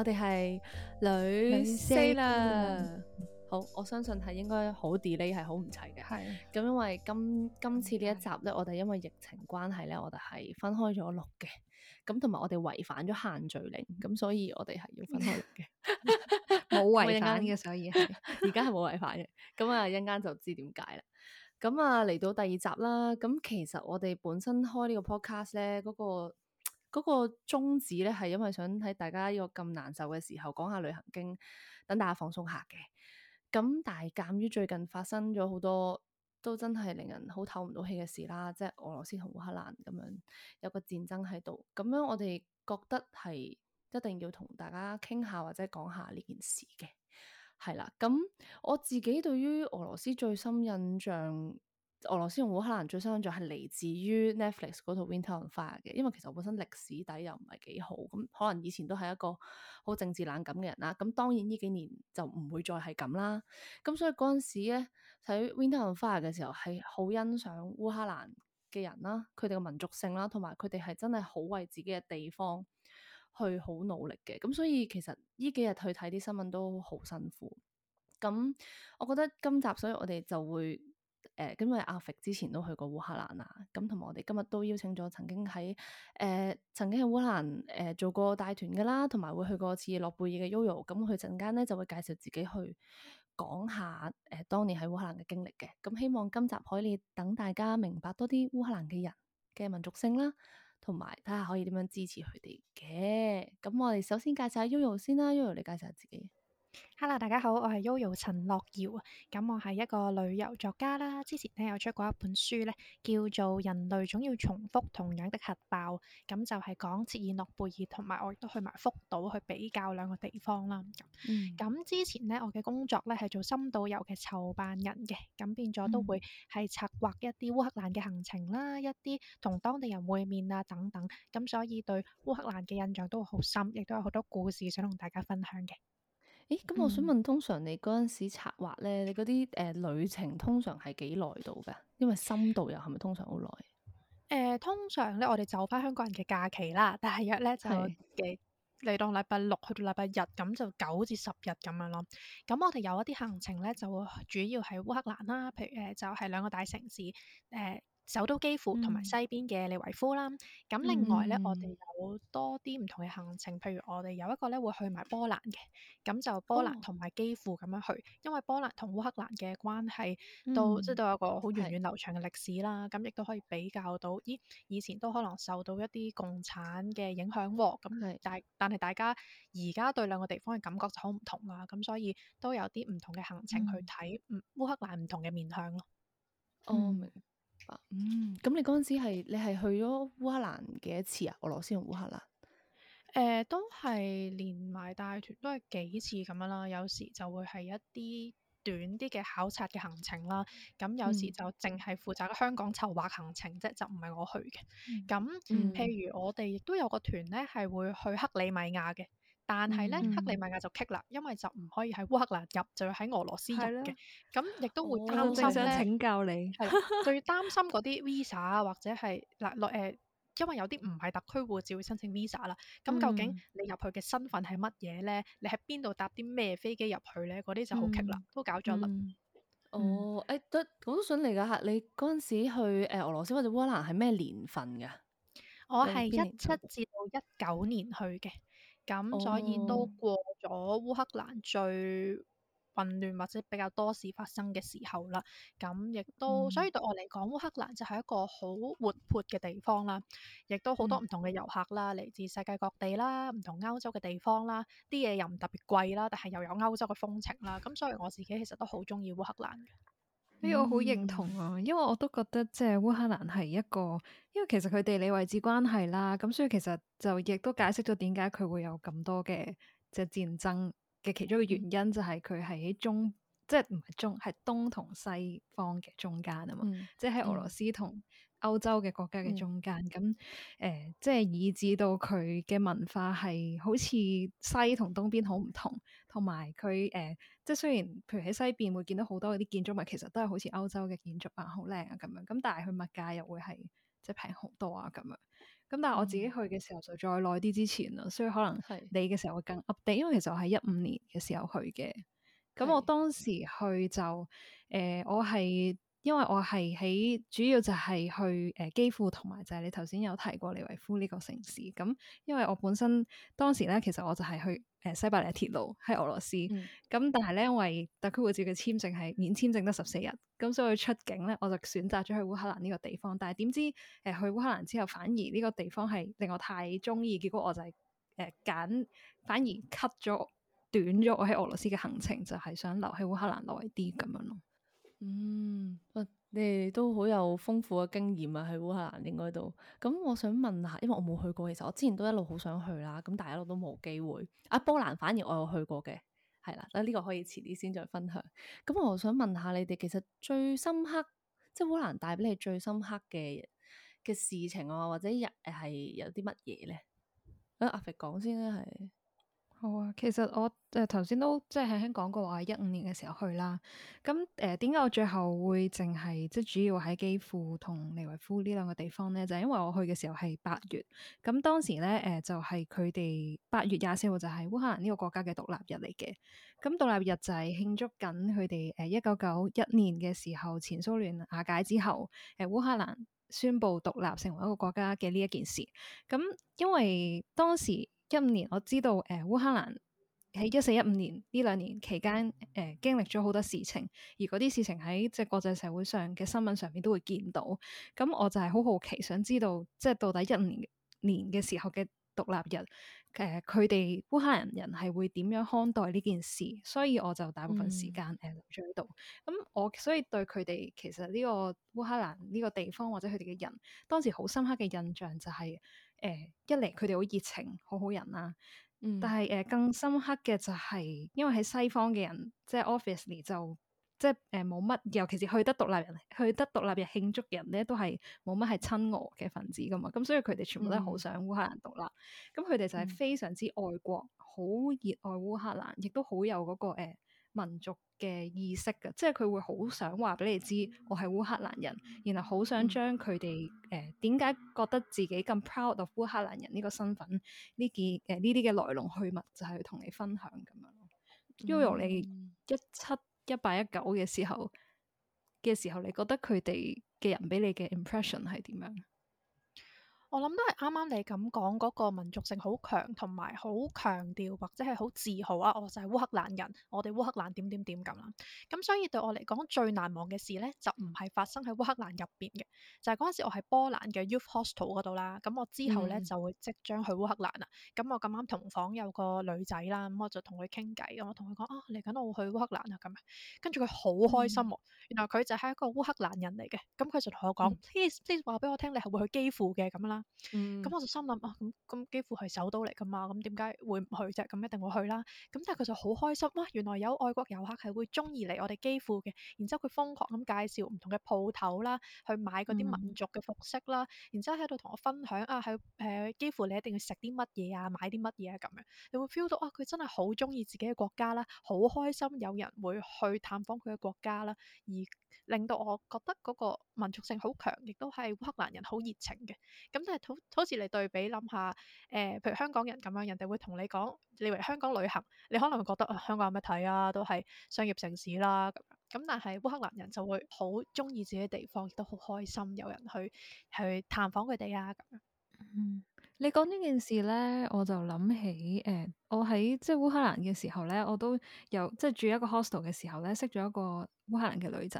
我哋係女聲啦，女嗯、好，我相信係應該好 delay，係好唔齊嘅。係咁，的因為今今次呢一集咧，我哋因為疫情關係咧，我哋係分開咗錄嘅。咁同埋我哋違反咗限聚令，咁所以我哋係要分開錄嘅。冇違 反嘅， 所以係而家係冇違反嘅。咁啊，一陣間就知點解啦。咁啊，嚟到第二集啦。咁其實我哋本身開呢個 podcast 咧、那，嗰個。嗰個宗旨咧，係因為想喺大家依個咁難受嘅時候講下旅行經，等大家放鬆下嘅。咁但係鑑於最近發生咗好多都真係令人好透唔到氣嘅事啦，即係俄羅斯同烏克蘭咁樣有個戰爭喺度。咁樣我哋覺得係一定要同大家傾下或者講下呢件事嘅。係啦，咁我自己對於俄羅斯最深印象。俄羅斯同烏克蘭最新作係嚟自於 Netflix 嗰套《Winter on Fire》嘅，因為其實我本身歷史底又唔係幾好，咁可能以前都係一個好政治冷感嘅人啦。咁當然呢幾年就唔會再係咁啦。咁所以嗰陣時咧，睇《Winter on Fire》嘅時候係好欣賞烏克蘭嘅人啦，佢哋嘅民族性啦，同埋佢哋係真係好為自己嘅地方去好努力嘅。咁所以其實呢幾日去睇啲新聞都好辛苦。咁我覺得今集所以我哋就會。誒，咁因為阿肥之前都去過烏克蘭啊，咁同埋我哋今日都邀請咗曾經喺誒、呃，曾經喺烏克蘭誒、呃、做過帶團嘅啦，同埋會去過切爾諾貝爾嘅 Yoyo，咁佢陣間咧就會介紹自己去講下誒、呃、當年喺烏克蘭嘅經歷嘅，咁希望今集可以等大家明白多啲烏克蘭嘅人嘅民族性啦，同埋睇下可以點樣支持佢哋嘅，咁我哋首先介紹下 Yoyo 先啦，Yoyo、呃、你介紹下自己。Hello 大家好，我係 Yoyo 陳樂遙啊。咁我係一個旅遊作家啦。之前咧有出過一本書咧，叫做《人類總要重複同樣的核爆》，咁就係講切爾諾貝爾，同埋我亦都去埋福島去比較兩個地方啦。咁、嗯、之前咧，我嘅工作咧係做深度遊嘅籌辦人嘅，咁變咗都會係策劃一啲烏克蘭嘅行程啦，嗯、一啲同當地人會面啊等等。咁所以對烏克蘭嘅印象都好深，亦都有好多故事想同大家分享嘅。誒，咁我想問，通常你嗰陣時策劃咧，你嗰啲誒旅程通常係幾耐到㗎？因為深度遊係咪通常好耐？誒、呃，通常咧，我哋走返香港人嘅假期啦，大約咧就幾，嚟到禮拜六去到禮拜日，咁就九至十日咁樣咯。咁我哋有一啲行程咧，就主要係烏克蘭啦，譬如誒、呃，就係兩個大城市誒。呃首都基輔同埋西邊嘅利維夫啦，咁另外咧，我哋有多啲唔同嘅行程，嗯、譬如我哋有一個咧會去埋波蘭嘅，咁就波蘭同埋基輔咁樣去，哦、因為波蘭同烏克蘭嘅關係都，嗯、即都即係有一個好源遠，遠流長嘅歷史啦，咁亦、嗯、都可以比較到，的咦，以前都可能受到一啲共產嘅影響喎、喔，咁但但係大家而家對兩個地方嘅感覺就好唔同啦、啊，咁所以都有啲唔同嘅行程去睇烏克蘭唔同嘅面向咯。我明、嗯。嗯嗯嗯，咁你嗰陣時係你係去咗烏克蘭幾多次啊？俄羅斯同烏克蘭？誒、呃，都係連埋帶團，都係幾次咁樣啦。有時就會係一啲短啲嘅考察嘅行程啦。咁有時就淨係負責香港籌劃行程啫，就唔係我去嘅。咁譬如我哋亦都有個團咧，係會去克里米亞嘅。但係咧，嗯、克里米亞就棘啦，因為就唔可以喺烏克蘭入，就要喺俄羅斯入嘅。咁亦、嗯、都會擔心，想請教你， 最擔心嗰啲 visa 或者係嗱誒，因為有啲唔係特區護照會申請 visa 啦。咁究竟你入去嘅身份係乜嘢咧？你喺邊度搭啲咩飛機入去咧？嗰啲就好棘啦，嗯、都搞咗啦。哦、嗯，誒都好想嚟噶嚇，你嗰陣時去誒、呃、俄羅斯或者烏克蘭係咩年份㗎？我係一七至到一九年去嘅。咁所以都過咗烏克蘭最混亂或者比較多事發生嘅時候啦，咁亦都、嗯、所以對我嚟講，烏克蘭就係一個好活潑嘅地方啦，亦都好多唔同嘅遊客啦，嚟、嗯、自世界各地啦，唔同歐洲嘅地方啦，啲嘢又唔特別貴啦，但係又有歐洲嘅風情啦，咁所以我自己其實都好中意烏克蘭嘅。呢個我好認同啊，因為我都覺得即係烏克蘭係一個，因為其實佢地理位置關係啦，咁所以其實就亦都解釋咗點解佢會有咁多嘅即係戰爭嘅其中一個原因，就係佢喺中，即係唔係中係東同西方嘅中間啊嘛，嗯、即係喺俄羅斯同歐洲嘅國家嘅中間，咁誒、嗯呃，即係以至到佢嘅文化係好似西同東邊好唔同，同埋佢誒，即係雖然，譬如喺西邊會見到好多嗰啲建築物，其實都係好似歐洲嘅建築物啊，好靚啊咁樣，咁但係佢物價又會係即係平好多啊咁樣。咁但係我自己去嘅時候就再耐啲之前啦，所以可能你嘅時候會更 update，是因為其實我係一五年嘅時候去嘅。咁我當時去就誒是、呃，我係。因為我係喺主要就係去誒、呃、基輔同埋就係你頭先有提過利維夫呢個城市。咁、嗯、因為我本身當時咧，其實我就係去誒、呃、西伯利亞鐵路喺俄羅斯。咁、嗯、但係咧，因為特區護照嘅簽證係免簽證得十四日，咁、嗯、所以出境咧，我就選擇咗去烏克蘭呢個地方。但係點知誒、呃、去烏克蘭之後，反而呢個地方係令我太中意，結果我就係誒揀，反而 cut 咗短咗我喺俄羅斯嘅行程，就係、是、想留喺烏克蘭耐啲咁樣咯。嗯，你哋都好有豐富嘅經驗啊，喺烏克蘭應該度。咁我想問下，因為我冇去過，其實我之前都一路好想去啦，咁但係一路都冇機會。阿、啊、波蘭反而我有去過嘅，係啦，咁、這、呢個可以遲啲先再分享。咁我想問下你哋，其實最深刻，即係烏克蘭帶俾你最深刻嘅嘅事情啊，或者日係有啲乜嘢咧？阿阿肥講先啦，係。好啊，其實我誒頭先都即係輕輕講過話，一五年嘅時候去啦。咁誒，點解我最後會淨係即係主要喺基輔同尼維夫呢兩個地方咧？就係因為我去嘅時候係八月，咁當時咧誒就係佢哋八月廿四號就係烏克蘭呢個國家嘅獨立日嚟嘅。咁獨立日就係慶祝緊佢哋誒一九九一年嘅時候前蘇聯瓦解之後，誒烏克蘭宣布獨立成為一個國家嘅呢一件事。咁因為當時。一五年我知道誒，烏克蘭喺一四一五年呢兩年期間誒、呃、經歷咗好多事情，而嗰啲事情喺即係國際社會上嘅新聞上面都會見到。咁我就係好好奇，想知道即係到底一五年年嘅時候嘅獨立日，誒佢哋烏克蘭人係會點樣看待呢件事？所以我就大部分時間誒、嗯呃、留咗喺度。咁、嗯、我所以對佢哋其實呢個烏克蘭呢個地方或者佢哋嘅人，當時好深刻嘅印象就係、是。誒、哎、一嚟佢哋好熱情，好好人啦、啊。但係誒、呃、更深刻嘅就係、是，因為喺西方嘅人，即係 obviously 就即係誒冇乜，尤其是去得獨立日。去得獨立日慶祝嘅人咧，都係冇乜係親俄嘅分子噶嘛。咁所以佢哋全部都係好想烏克蘭獨立。咁佢哋就係非常之愛國，好熱愛烏克蘭，亦都好有嗰、那個、呃民族嘅意識嘅，即係佢會好想話俾你知，我係烏克蘭人，然後好想將佢哋誒點解覺得自己咁 proud of 烏克蘭人呢個身份呢件誒呢啲嘅來龍去脈，就係、是、同你分享咁樣。因為 o 你一七一八一九嘅時候嘅時候，你覺得佢哋嘅人俾你嘅 impression 係點樣？我諗都係啱啱你咁講，嗰個民族性好強，同埋好強調或者係好自豪啊！我就係烏克蘭人，我哋烏克蘭點點點咁啦。咁所以對我嚟講最難忘嘅事咧，就唔係發生喺烏克蘭入邊嘅，就係嗰陣時我喺波蘭嘅 youth hostel 嗰度啦。咁我之後咧就會即將去烏克蘭啊。咁、嗯嗯、我咁啱同房有個女仔啦，咁我就同佢傾偈，我同佢講啊，嚟緊我會去烏克蘭啊咁啊。跟住佢好開心喎，原來佢就係一個烏克蘭人嚟嘅。咁佢就同我講、嗯、：please please 話俾我聽，你係會去基輔嘅咁啦。嗯，咁我就心諗啊，咁咁基輔係首都嚟噶嘛，咁點解會唔去啫？咁一定會去啦。咁但係佢就好開心，哇、啊！原來有外國遊客係會中意嚟我哋基輔嘅，然之後佢瘋狂咁介紹唔同嘅鋪頭啦，去買嗰啲民族嘅服飾啦，嗯、然之後喺度同我分享啊，喺誒基輔你一定要食啲乜嘢啊，買啲乜嘢啊咁樣。你會 feel 到啊，佢真係好中意自己嘅國家啦，好開心有人會去探訪佢嘅國家啦，而令到我覺得嗰個民族性好強，亦都係烏克蘭人好熱情嘅。咁、嗯即係好好似你對比諗下，誒、呃，譬如香港人咁樣，人哋會同你講，你話香港旅行，你可能會覺得、呃、香港有乜睇啊，都係商業城市啦，咁咁。但係烏克蘭人就會好中意自己地方，亦都好開心，有人去去探訪佢哋啊，咁樣。嗯，你講呢件事咧，我就諗起誒、呃，我喺即係烏克蘭嘅時候咧，我都有即係住一個 hostel 嘅時候咧，識咗一個烏克蘭嘅女仔。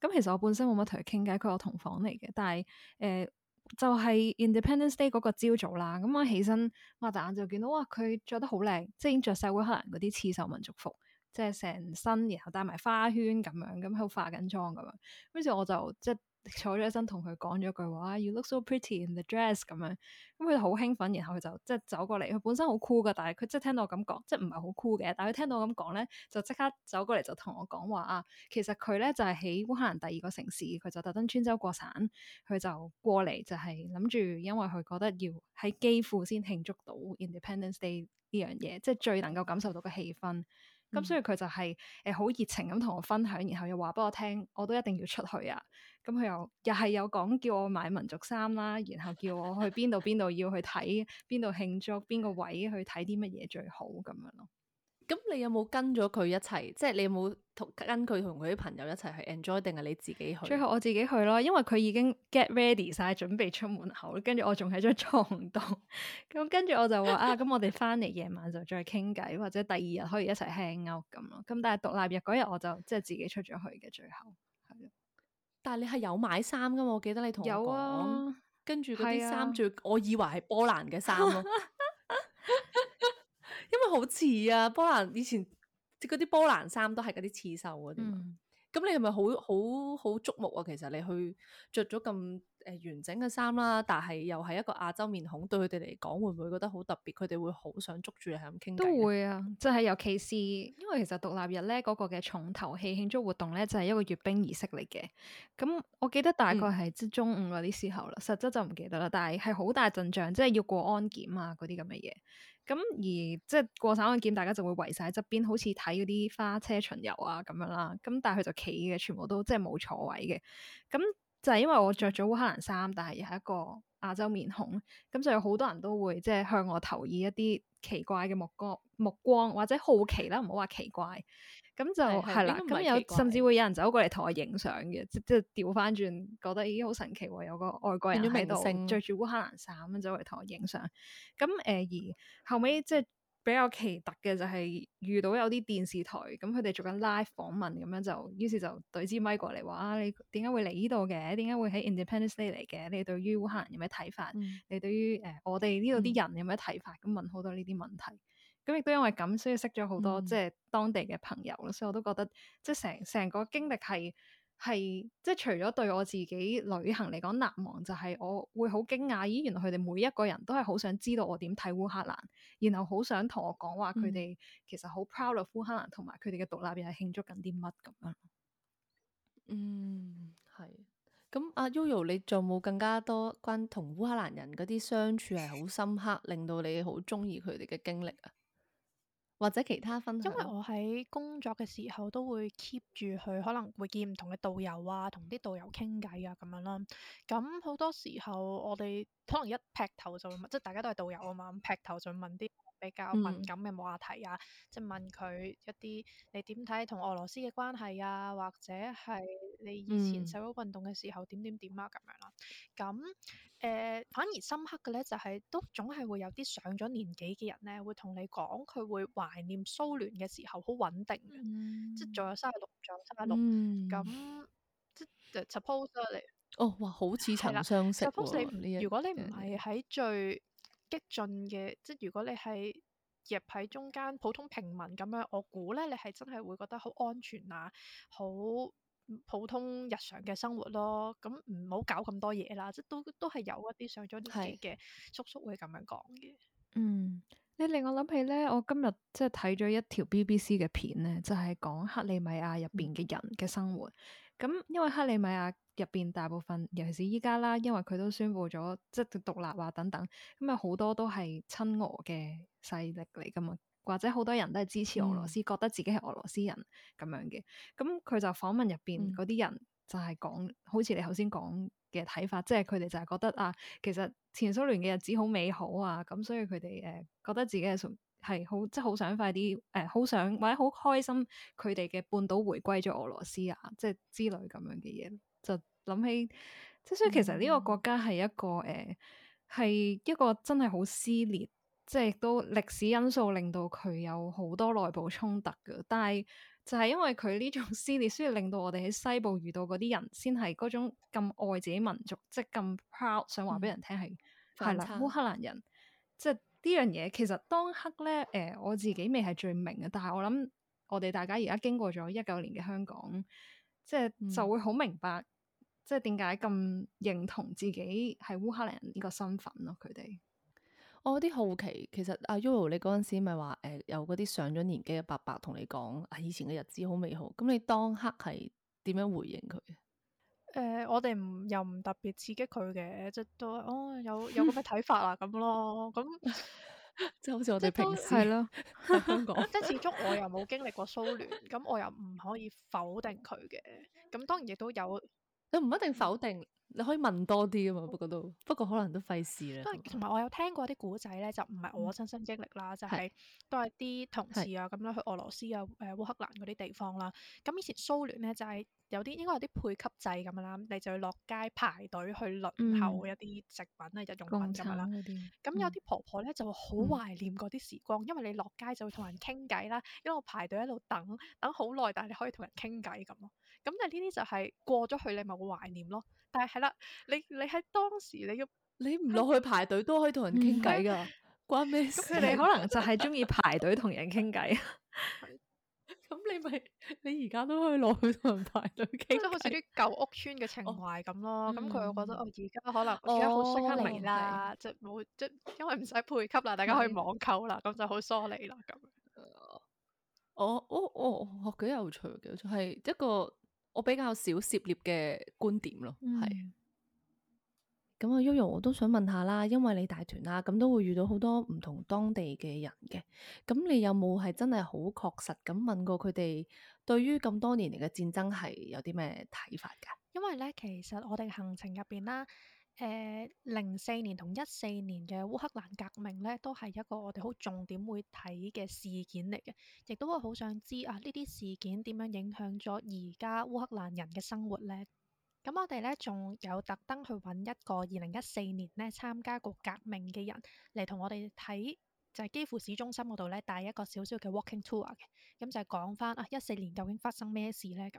咁其實我本身冇乜同佢傾偈，佢我同房嚟嘅，但係誒。呃就係 Independence Day 嗰個朝早啦，咁我起身擘大眼就見到，哇！佢着得好靚，即係已經着社會黑人嗰啲刺繡民族服，即係成身，然後戴埋花圈咁樣，咁喺度化緊妝咁樣，跟住我就即係。坐咗一陣同佢講咗句話，You look so pretty in the dress 咁樣，咁佢好興奮，然後佢就，後就即係走過嚟。佢本身好酷噶，但係佢即係聽到我咁講，即係唔係好酷嘅。但係佢聽到我咁講咧，就即刻走過嚟就同我講話啊。其實佢咧就係喺烏克蘭第二個城市，佢就特登穿州過省，佢就過嚟就係諗住，因為佢覺得要喺基輔先慶祝到 Independence Day 呢樣嘢，即係最能夠感受到嘅氣氛。咁所以佢就係誒好熱情咁同我分享，然後又話俾我聽，我都一定要出去啊！咁佢又又係有講叫我買民族衫啦，然後叫我去邊度邊度要去睇，邊度慶祝，邊個位去睇啲乜嘢最好咁樣咯。咁你有冇跟咗佢一齊？即係你有冇同跟佢同佢啲朋友一齊去 enjoy，定係你自己去？最後我自己去咯，因為佢已經 get ready 晒，準備出門口，跟住我仲喺張床度。咁跟住我就話 啊，咁我哋翻嚟夜晚就再傾偈，或者第二日可以一齊 hang out 咁咯。咁但係獨立日嗰日我就即係自己出咗去嘅。最後係咯，但係你係有買衫噶嘛？我記得你同我講，有啊，跟住啲衫最我以為係波蘭嘅衫咯。 因為好似啊，波蘭以前嗰啲波蘭衫都係嗰啲刺繡嗰啲。咁、嗯、你係咪好好好矚目啊？其實你去着咗咁誒完整嘅衫啦，但係又係一個亞洲面孔，對佢哋嚟講，會唔會覺得好特別？佢哋會好想捉住你係咁傾。都會啊，即、就、係、是、尤其是因為其實獨立日咧，嗰、那個嘅重頭戲慶祝活動咧，就係、是、一個閱兵儀式嚟嘅。咁我記得大概係即中午嗰啲時候啦，嗯、實質就唔記得啦。但係係好大陣仗，即係要過安檢啊嗰啲咁嘅嘢。咁、嗯、而即係過省案件大家就會圍晒喺側邊，好似睇嗰啲花車巡遊啊咁樣啦。咁但係佢就企嘅，全部都即係冇坐位嘅。咁、嗯、就係、是、因為我着咗烏克蘭衫，但係又係一個亞洲面孔，咁就有好多人都會即係向我投以一啲奇怪嘅目光、目光或者好奇啦，唔好話奇怪。咁就係啦，咁有甚至會有人走過嚟同我影相嘅，嗯、即即調翻轉覺得咦，好神奇喎，有個外國人喺度成着住烏克蘭衫咁走嚟同我影相。咁誒、呃、而後尾，即係比較奇特嘅就係、是、遇到有啲電視台咁佢哋做緊 live 訪問咁樣就於是就對支咪過嚟話啊你點解會嚟呢度嘅？點解會喺 Independence Day 嚟嘅？你對於烏克蘭有咩睇法？嗯、你對於誒、呃、我哋呢度啲人有咩睇法？咁問好多呢啲問題。咁亦都因為咁，所以識咗好多，嗯、即係當地嘅朋友咯。所以我都覺得，即係成成個經歷係係即係除咗對我自己旅行嚟講難忘，就係、是、我會好驚訝咦，原來佢哋每一個人都係好想知道我點睇烏克蘭，然後好想同我講話佢哋其實好 proud of 烏克蘭同埋佢哋嘅獨立日係慶祝緊啲乜咁樣。嗯，係。咁阿 Yoyo，你仲冇更加多關同烏克蘭人嗰啲相處係好深刻，令到你好中意佢哋嘅經歷啊？或者其他分享，因為我喺工作嘅時候都會 keep 住去，可能會見唔同嘅導遊啊，同啲導遊傾偈啊，咁樣啦。咁好多時候我哋可能一劈頭就問，即係大家都係導遊啊嘛，咁劈頭就問啲比較敏感嘅話題啊，嗯、即係問佢一啲你點睇同俄羅斯嘅關係啊，或者係你以前示威運動嘅時候點點點啊咁樣啦。咁。誒、呃，反而深刻嘅咧，就係、是、都總係會有啲上咗年紀嘅人咧，會同你講佢會懷念蘇聯嘅時候好穩定嘅，即係仲有三十六，仲有三十六咁，即係 suppose 你哦，哇，好似曾相識 suppose，啊你。如果你唔係喺最激進嘅，的即係如果你係入喺中間普通平民咁樣，我估咧你係真係會覺得好安全啊，好～普通日常嘅生活咯，咁唔好搞咁多嘢啦，即都都係有一啲上咗年紀嘅叔叔會咁樣講嘅。嗯，你令我諗起咧，我今日即係睇咗一條 BBC 嘅片咧，就係講克里米亞入邊嘅人嘅生活。咁因為克里米亞入邊大部分，尤其是依家啦，因為佢都宣布咗即係獨立啊等等，咁啊好多都係親俄嘅勢力嚟噶嘛。或者好多人都係支持俄羅斯，嗯、覺得自己係俄羅斯人咁樣嘅。咁佢就訪問入邊嗰啲人就，就係講好似你頭先講嘅睇法，即係佢哋就係覺得啊，其實前蘇聯嘅日子好美好啊，咁所以佢哋誒覺得自己係係好，即係好想快啲誒，好、呃、想或者好開心佢哋嘅半島回歸咗俄羅斯啊，即係之類咁樣嘅嘢，就諗起即係、嗯、所以其實呢個國家係一個誒，係、呃、一個真係好撕裂。即係亦都歷史因素令到佢有好多內部衝突嘅，但係就係因為佢呢種撕裂，需要令到我哋喺西部遇到嗰啲人，先係嗰種咁愛自己民族，即係咁 proud 想話俾人聽，係係啦烏克蘭人。即係呢樣嘢，其實當刻咧，誒、呃、我自己未係最明嘅，但係我諗我哋大家而家經過咗一九年嘅香港，即係就會好明白，嗯、即係點解咁認同自己係烏克蘭人呢個身份咯、啊，佢哋。我有啲好奇，其實阿 Yoyo 你嗰陣時咪話誒有嗰啲上咗年紀嘅伯伯同你講啊，以前嘅日子好美好。咁你當刻係點樣回應佢？誒，我哋唔又唔特別刺激佢嘅，即係都哦，哎，有有咁嘅睇法啊咁咯，咁即係好似我哋平時係咯講。即係始終我又冇經歷過蘇聯，咁我又唔可以否定佢嘅。咁當然亦都有，你唔一定否定。你可以問多啲啊嘛，不過都不過可能都費事啦。同埋我有聽過啲古仔咧，嗯、就唔係我親身經歷啦，嗯、就係都係啲同事啊咁樣、嗯、去俄羅斯啊、誒、呃、烏克蘭嗰啲地方啦。咁以前蘇聯咧就係、是、有啲應該有啲配給制咁樣啦，你就去落街排隊去輪候一啲食品啊、嗯、日用品咁樣啦。咁、嗯、有啲婆婆咧就會好懷念嗰啲時光，嗯、因為你落街就會同人傾偈啦，一路排隊喺度等等好耐，但係你可以同人傾偈咁。咁但係呢啲就係過咗去，你咪會懷念咯。但係係啦，你你喺當時你要你唔落去排隊都可以同人傾偈噶，關咩事？咁佢哋可能就係中意排隊同人傾偈啊。咁你咪你而家都可以落去同人排隊傾。即係好似啲舊屋村嘅情懷咁咯。咁佢會覺得哦，而家可能而家好疏離啦，就冇即係因為唔使配給啦，大家可以網購啦，咁就好疏離啦咁。哦，我我我我幾有趣嘅，就係一個。我比較少涉獵嘅觀點咯，係。咁啊，Yoyo 我都想問下啦，因為你大團啦，咁都會遇到好多唔同當地嘅人嘅。咁你有冇係真係好確實咁問過佢哋對於咁多年嚟嘅戰爭係有啲咩睇法㗎？因為咧，其實我哋嘅行程入邊啦。誒，零四、呃、年同一四年嘅烏克蘭革命咧，都係一個我哋好重點會睇嘅事件嚟嘅，亦都好想知啊呢啲事件點樣影響咗而家烏克蘭人嘅生活咧。咁、嗯、我哋咧仲有特登去揾一個二零一四年咧參加過革命嘅人嚟同我哋睇，就係基輔市中心嗰度咧帶一個少少嘅 walking tour 嘅，咁、嗯、就係講翻啊一四年究竟發生咩事咧咁。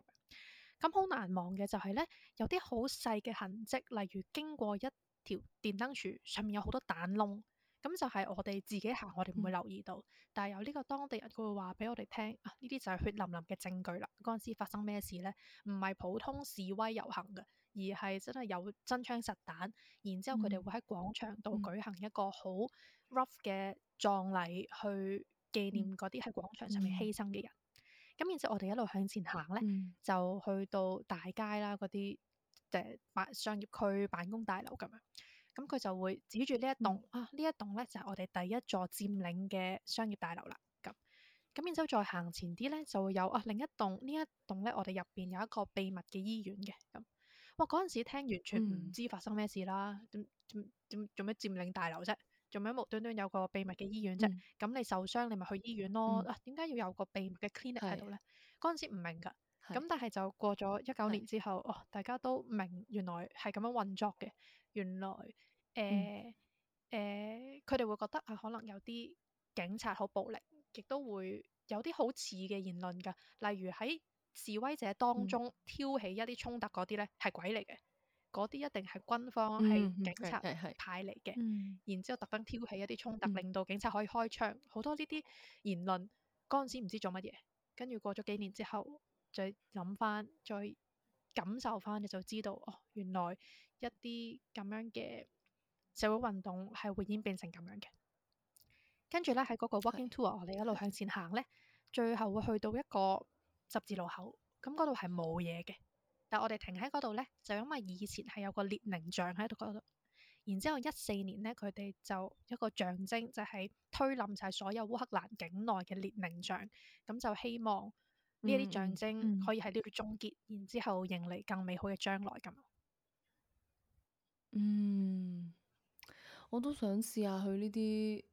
咁好難忘嘅就係咧，有啲好細嘅痕跡，例如經過一條電燈柱，上面有好多彈窿，咁就係我哋自己行，我哋唔會留意到。嗯、但係有呢個當地人，佢會話俾我哋聽，啊，呢啲就係血淋淋嘅證據啦。嗰陣時發生咩事咧？唔係普通示威遊行嘅，而係真係有真槍實彈，然之後佢哋會喺廣場度舉行一個好 rough 嘅葬禮去紀念嗰啲喺廣場上面犧牲嘅人。咁然之後，我哋一路向前行咧，嗯、就去到大街啦，嗰啲誒商業區、辦公大樓咁樣。咁佢就會指住呢一棟、嗯、啊，呢一棟咧就係我哋第一座佔領嘅商業大樓啦。咁咁然之後再行前啲咧，就會有啊另一棟，一棟呢一棟咧我哋入邊有一個秘密嘅醫院嘅。咁哇嗰陣時聽完全唔知發生咩事啦，點點點做咩佔領大樓啫？做咩無端端有個秘密嘅醫院啫？咁、嗯、你受傷你咪去醫院咯。嗯、啊，點解要有個秘密嘅 clinic 喺度咧？嗰陣是的 時唔明㗎。咁是的 但係就過咗一九年之後，是的 哦，大家都明原來係咁樣運作嘅。原來誒誒，佢、呃、哋、嗯呃、會覺得啊，可能有啲警察好暴力，亦都會有啲好似嘅言論㗎。例如喺示威者當中挑起一啲衝突嗰啲咧，係鬼嚟嘅。嗰啲一定係軍方係警察派嚟嘅，mm hmm. 然之後特登挑起一啲衝突，mm hmm. 令到警察可以開槍。好多呢啲言論嗰陣時唔知做乜嘢，跟住過咗幾年之後，再諗翻，再感受翻，你就知道哦，原來一啲咁樣嘅社會運動係會已經變成咁樣嘅。跟住咧喺嗰個 walking tour，是我哋一路向前行咧，最後會去到一個十字路口，咁嗰度係冇嘢嘅。但我哋停喺嗰度咧，就因為以前係有個列寧像喺度嗰度，然之後一四年咧，佢哋就一個象徵就係、是、推冧晒所有烏克蘭境內嘅列寧像，咁就希望呢一啲象徵可以喺呢度終結，嗯嗯、然之後迎嚟更美好嘅將來咁。嗯，我都想試下去呢啲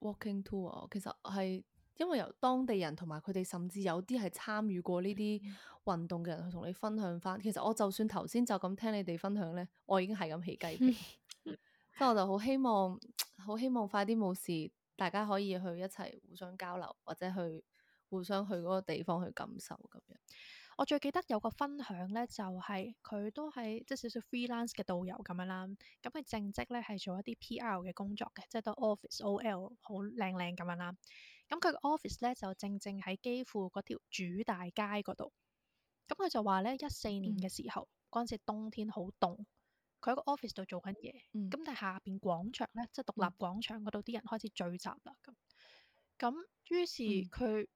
walking tour，其實係。因為由當地人同埋佢哋，甚至有啲係參與過呢啲運動嘅人、嗯、去同你分享翻。其實我就算頭先就咁聽你哋分享咧，我已經係咁起雞皮。咁 我就好希望，好希望快啲冇事，大家可以去一齊互相交流，或者去互相去嗰個地方去感受咁樣。我最記得有個分享咧，就係、是、佢都係即係少少 freelance 嘅導遊咁樣啦。咁佢正職咧係做一啲 P. R. 嘅工作嘅，即、就、係、是、都 office O. L. 好靚靚咁樣啦。咁佢個 office 咧就正正喺基輔嗰條主大街嗰度。咁佢就話咧，一四年嘅時候，嗰陣、嗯、時冬天好凍，佢喺個 office 度做緊嘢。咁、嗯、但係下邊廣場咧，即係獨立廣場嗰度啲人開始聚集啦。咁咁、嗯，於是佢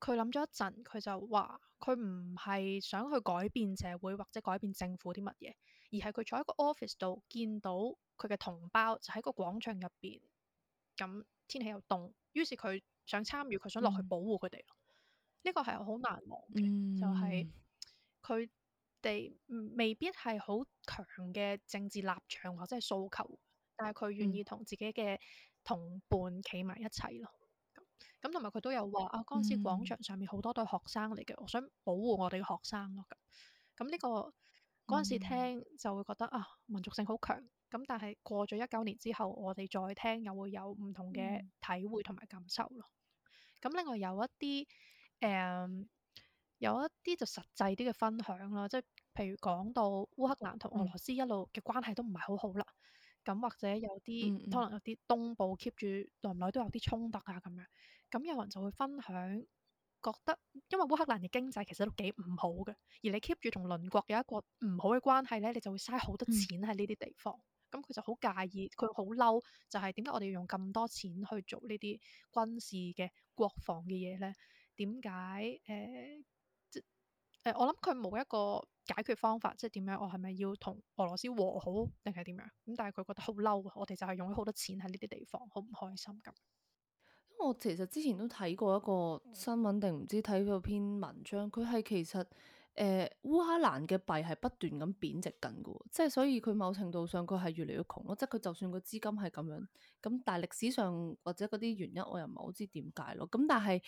佢諗咗一陣，佢就話：佢唔係想去改變社會或者改變政府啲乜嘢，而係佢坐喺個 office 度見到佢嘅同胞就喺個廣場入邊。咁天氣又凍，於是佢。想參與，佢想落去保護佢哋咯。呢個係好難忘嘅，嗯、就係佢哋未必係好強嘅政治立場或者係訴求，但係佢願意同自己嘅同伴企埋一齊咯。咁同埋佢都有話啊，嗰陣時廣場上面好多都學生嚟嘅，我、嗯、想保護我哋嘅學生咯。咁咁呢個嗰陣時聽就會覺得、嗯、啊，民族性好強。咁但係過咗一九年之後，我哋再聽又會有唔同嘅體會同埋感受咯。咁、嗯、另外有一啲誒、嗯、有一啲就實際啲嘅分享啦，即係譬如講到烏克蘭同俄羅斯一路嘅關係都唔係好好啦。咁、嗯、或者有啲、嗯、可能有啲東部 keep 住，來唔來都有啲衝突啊咁樣。咁有人就會分享覺得，因為烏克蘭嘅經濟其實都幾唔好嘅，而你 keep 住同鄰國有一個唔好嘅關係咧，你就會嘥好多錢喺呢啲地方。嗯咁佢、嗯、就好介意，佢好嬲，就係點解我哋要用咁多錢去做呢啲軍事嘅國防嘅嘢咧？點解誒？誒、呃呃，我諗佢冇一個解決方法，即係點樣？我係咪要同俄羅斯和好定係點樣？咁但係佢覺得好嬲，我哋就係用咗好多錢喺呢啲地方，好唔開心咁。我其實之前都睇過一個新聞，定唔知睇到篇文章，佢係其實。誒，烏克蘭嘅幣係不斷咁貶值緊嘅，即係所以佢某程度上佢係越嚟越窮咯，即係佢就算個資金係咁樣，咁但係歷史上或者嗰啲原因，我又唔係好知點解咯。咁但係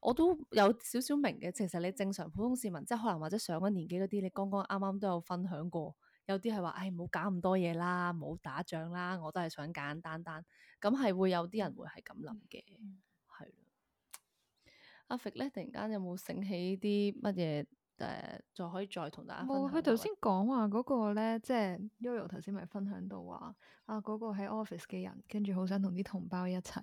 我都有少少明嘅，其實你正常普通市民，即係可能或者上咗年紀嗰啲，你剛剛啱啱都有分享過，有啲係話，唉、哎，冇搞咁多嘢啦，冇打仗啦，我都係想簡簡單單，咁係會有啲人會係咁諗嘅。係、嗯，阿肥咧，突然間有冇醒起啲乜嘢？誒、呃，就可以再同大家冇佢頭先講話嗰個咧，即、就、係、是、Yoyo 頭先咪分享到話啊，嗰、那個喺 office 嘅人，跟住好想同啲同胞一齊。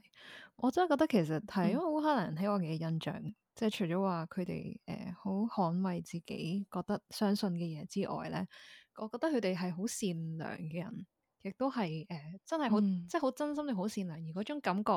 我真係覺得其實係，因為烏克蘭人喺我嘅印象，嗯、即係除咗話佢哋誒好捍衛自己覺得相信嘅嘢之外咧，我覺得佢哋係好善良嘅人，亦都係誒、呃、真係好，嗯、即係好真心地好善良。而嗰種感覺，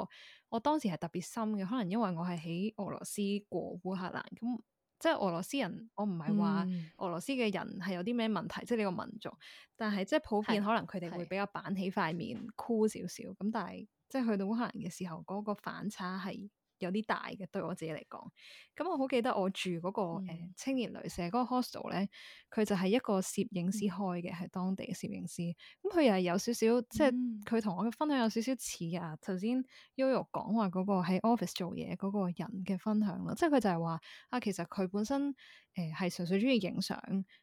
我當時係特別深嘅，可能因為我係喺俄羅斯過烏克蘭咁。即係俄羅斯人，我唔係話俄羅斯嘅人係有啲咩問題，嗯、即係呢個民族，但係即係普遍可能佢哋會比較板起塊面，酷少少咁，但係即係去到烏克蘭嘅時候，嗰、嗰個反差係。有啲大嘅，對我自己嚟講，咁我好記得我住嗰、那個、嗯呃、青年旅社嗰個 hostel 咧，佢就係一個攝影師開嘅，係、嗯、當地嘅攝影師。咁佢又係有少少，即係佢同我嘅分享有少少似嘅。頭先 Yoyo 講話嗰個喺 office 做嘢嗰個人嘅分享啦，即係佢就係話啊，其實佢本身。誒，係純、呃、粹中意影相，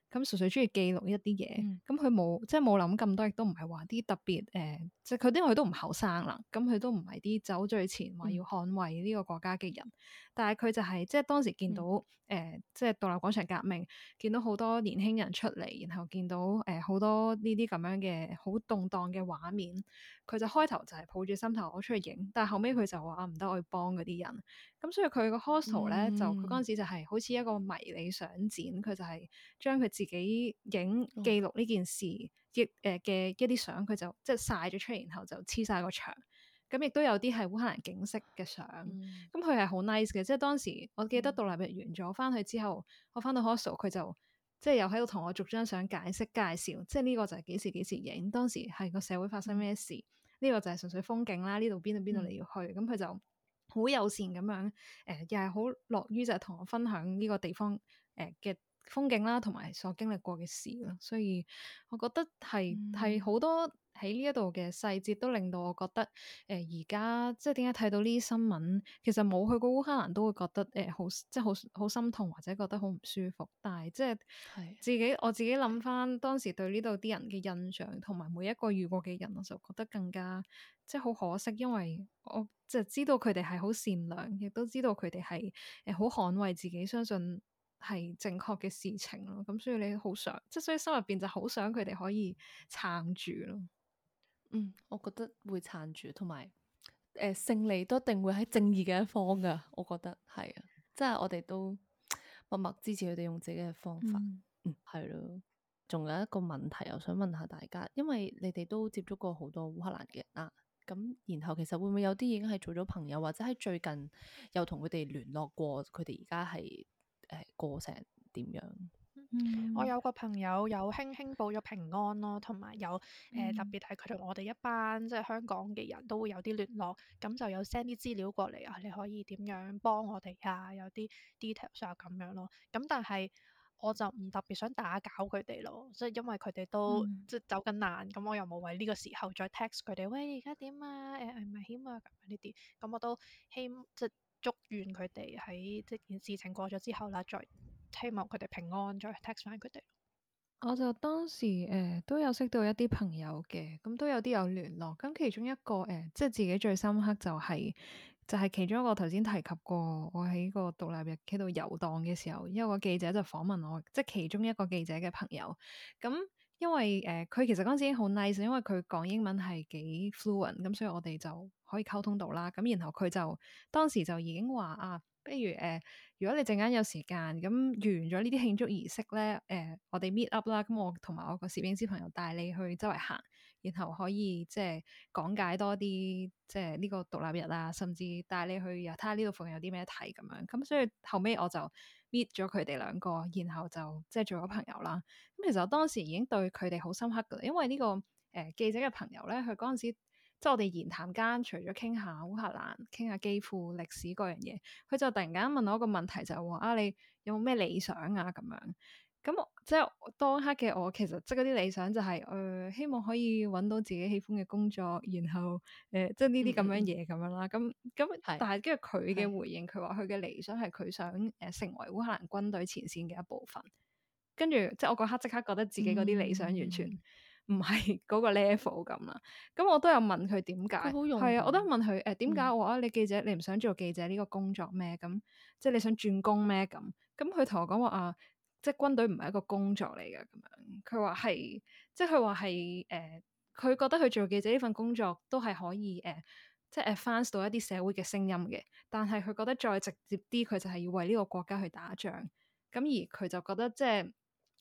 咁純粹中意記錄一啲嘢，咁佢冇即係冇諗咁多，亦都唔係話啲特別誒、呃，即係佢啲我哋都唔後生啦，咁佢都唔係啲走最前話要捍衛呢個國家嘅人，嗯、但係佢就係、係、即係當時見到、嗯。誒、呃，即係獨立廣場革命，見到好多年輕人出嚟，然後見到誒好、呃、多呢啲咁樣嘅好動盪嘅畫面，佢就開頭就係抱住心頭，我出去影，但係後尾佢就話唔得，我要幫嗰啲人，咁所以佢個 hostel 咧、嗯、就佢嗰陣時就係好似一個迷你相展，佢就係將佢自己影記錄呢件事亦誒嘅一啲相，佢就即係曬咗出嚟，然後就黐晒個牆。咁亦都有啲係烏克蘭景色嘅相，咁佢係好 nice 嘅。即係當時，我記得獨立日完咗，翻去之後，我翻到 hostel 佢就即係又喺度同我逐張相解釋介紹。即係呢個就係幾時幾時影，當時係個社會發生咩事。呢、嗯、個就係純粹風景啦，呢度邊度邊度你要去。咁佢、嗯、就好友善咁樣，誒、呃、又係好樂於就係同我分享呢個地方誒嘅、呃、風景啦，同埋所經歷過嘅事咯。所以我覺得係係好多。喺呢一度嘅細節都令到我覺得，誒、呃，而家即係點解睇到呢啲新聞，其實冇去過烏克蘭都會覺得，誒、呃，好即係好好心痛或者覺得好唔舒服。但係即係係自己我自己諗翻當時對呢度啲人嘅印象，同埋每一個遇過嘅人，我就覺得更加即係好可惜，因為我即係知道佢哋係好善良，亦都知道佢哋係誒好捍衛自己，相信係正確嘅事情咯。咁所以你好想，即係所以心入邊就好想佢哋可以撐住咯。嗯，我覺得會撐住，同埋誒勝利都一定會喺正義嘅一方噶我覺得係，即係我哋都默默支持佢哋用自己嘅方法，嗯係咯。仲有一個問題我想問下大家，因為你哋都接觸過好多烏克蘭嘅人啦，咁然後其實會唔會有啲已經係做咗朋友，或者喺最近又同佢哋聯絡過，佢哋而家係誒過成點樣？Mm. 我有個朋友有輕輕報咗平安咯，同埋有誒、呃、特別係佢同我哋一班即係、就是、香港嘅人都會有啲聯絡，咁就有 send 啲資料過嚟啊，你可以點樣幫我哋啊？有啲 details 啊咁樣咯。咁但係我就唔特別想打攪佢哋咯，即係因為佢哋都、mm. 即係走緊難，咁我又冇為呢個時候再 text 佢哋喂，而家點啊？誒危險啊咁樣呢啲，咁我都希即係祝願佢哋喺即件事情過咗之後啦，再～希望佢哋平安，再 text 翻佢哋。我就當時誒、呃、都有識到一啲朋友嘅，咁都有啲有聯絡。咁其中一個誒、呃，即係自己最深刻就係、係，就係、係、其中一個頭先提及過，我喺個獨立日喺度遊蕩嘅時候，有一個記者就訪問我，即係其中一個記者嘅朋友。咁因為誒，佢、呃、其實嗰陣時已經好 nice，因為佢講英文係幾 fluent，咁所以我哋就可以溝通到啦。咁然後佢就當時就已經話啊，不如誒、呃如果你陣間有時間，咁完咗呢啲慶祝儀式咧，誒、呃，我哋 meet up 啦，咁我同埋我個攝影師朋友帶你去周圍行，然後可以即係講解多啲，即係呢個獨立日啊，甚至帶你去又睇下呢度附近有啲咩睇咁樣。咁所以後尾我就 meet 咗佢哋兩個，然後就即係做咗朋友啦。咁其實我當時已經對佢哋好深刻噶，因為呢個誒、呃、記者嘅朋友咧，佢嗰陣時。即係我哋言談間，除咗傾下烏克蘭、傾下基輔歷史嗰樣嘢，佢就突然間問我一個問題，就話、是、啊，你有冇咩理想啊？咁樣咁，即係當刻嘅我，其實即係嗰啲理想就係、是、誒、呃，希望可以搵到自己喜歡嘅工作，然後誒、呃，即係呢啲咁樣嘢咁樣啦。咁咁，嗯、但係跟住佢嘅回應，佢話佢嘅理想係佢想誒成為烏克蘭軍隊前線嘅一部分。跟住即係我嗰刻即刻覺得自己嗰啲理想完全、嗯。唔係嗰個 level 咁啦，咁我都有問佢點解，係啊，我都問佢誒、點、哎、解、嗯、我話你記者你唔想做記者呢個工作咩？咁即係你想轉工咩？咁咁佢同我講話啊，即係軍隊唔係一個工作嚟噶，咁樣佢話係，即係佢話係誒，佢、呃、覺得佢做記者呢份工作都係可以誒、呃，即係 advance 到一啲社會嘅聲音嘅，但係佢覺得再直接啲，佢就係要為呢個國家去打仗，咁而佢就覺得即係。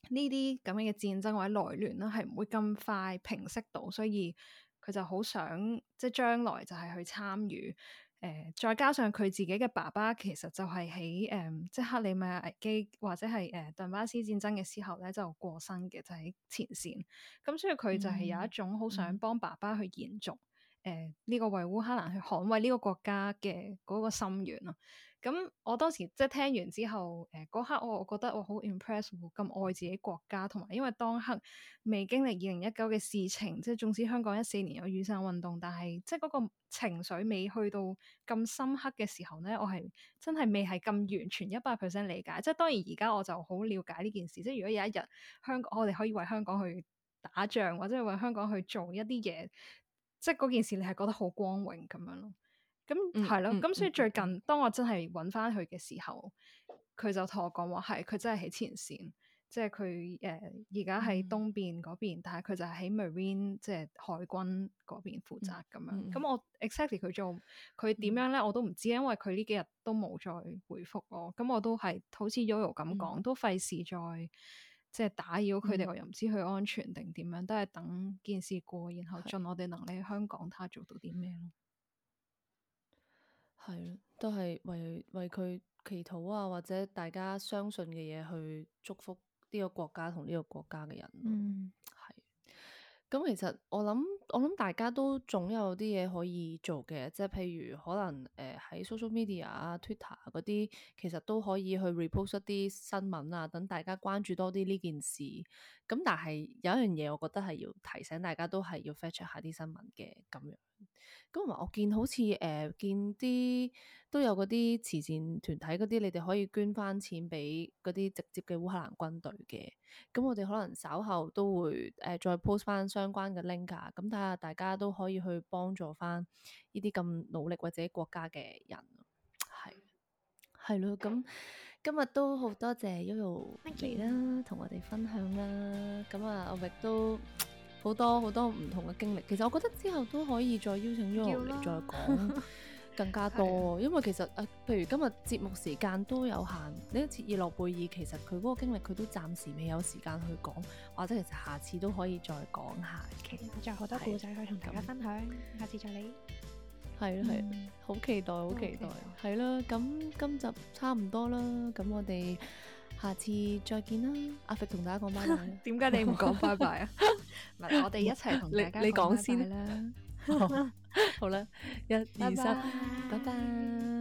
呢啲咁樣嘅戰爭或者內亂咧，係唔會咁快平息到，所以佢就好想即係將來就係去參與。誒、呃，再加上佢自己嘅爸爸，其實就係喺誒即係克里米亞危機或者係誒頓巴斯戰爭嘅時候咧，就過身嘅，就喺、是、前線。咁所以佢就係有一種好想幫爸爸去延續誒呢、嗯嗯呃這個為烏克蘭去捍衛呢個國家嘅嗰個心願咯。咁我當時即係聽完之後，誒、呃、嗰刻我，我覺得我好 impressed，咁愛自己國家，同埋因為當刻未經歷二零一九嘅事情，即係縱使香港一四年有雨傘運動，但係即係嗰個情緒未去到咁深刻嘅時候咧，我係真係未係咁完全一百 percent 理解。即係當然而家我就好了解呢件事。即係如果有一日香港，我哋可以為香港去打仗，或者為香港去做一啲嘢，即係嗰件事你係覺得好光榮咁樣咯。咁係咯，咁、mm hmm. 所以最近 當我真係揾翻佢嘅時候，佢就同我講話係，佢真係喺前綫，即係佢誒而家喺東邊嗰邊，mm hmm. 但係佢就喺 Marine 即係海軍嗰邊負責咁樣。咁、mm hmm. 我 expect 佢做佢點樣咧，mm hmm. 我都唔知，因為佢呢幾日都冇再回覆我。咁我都係好似 Yoyo 咁講，mm hmm. 都費事再即係、mm hmm. 打擾佢哋，我又唔知佢安全定點樣，都係等件事過，然後盡我哋能力喺香港，他做到啲咩咯。係咯，都係為為佢祈禱啊，或者大家相信嘅嘢，去祝福呢個國家同呢個國家嘅人。嗯，係。咁其實我諗我諗大家都總有啲嘢可以做嘅，即係譬如可能誒喺 social media 啊、Twitter 嗰啲啊，其實都可以去 repost 一啲新聞啊，等大家關注多啲呢件事。咁但係有一樣嘢，我覺得係要提醒大家，都係要 fetch 下啲新聞嘅咁樣。咁我見好似誒、呃、見啲都有嗰啲慈善團體嗰啲，你哋可以捐翻錢俾嗰啲直接嘅烏克蘭軍隊嘅。咁我哋可能稍後都會誒、呃、再 post 翻相關嘅 link，咁睇下大家都可以去幫助翻呢啲咁努力或者國家嘅人。係，係咯，咁。嗯 今日都好多謝 Yoyo 嚟啦，同 Thank you. 我哋分享啦。咁啊，我亦都好多好多唔同嘅經歷。其實我覺得之後都可以再邀請 Yoyo 嚟再講更加多， 的因為其實誒，譬如今日節目時間都有限。呢次切爾諾貝爾其實佢嗰個經歷佢都暫時未有時間去講，或者其實下次都可以再講下。其實仲有好多故仔可以同大家分享，的下次再嚟。係啦，係好、嗯、好期待，好期待。係啦，咁今集差唔多啦，咁我哋下次再見啦。阿肥同大家講拜拜。點解？ 你唔講拜拜啊？唔係，我哋一齊同大家講先啦。 好啦，一二三，拜拜 bye。Bye bye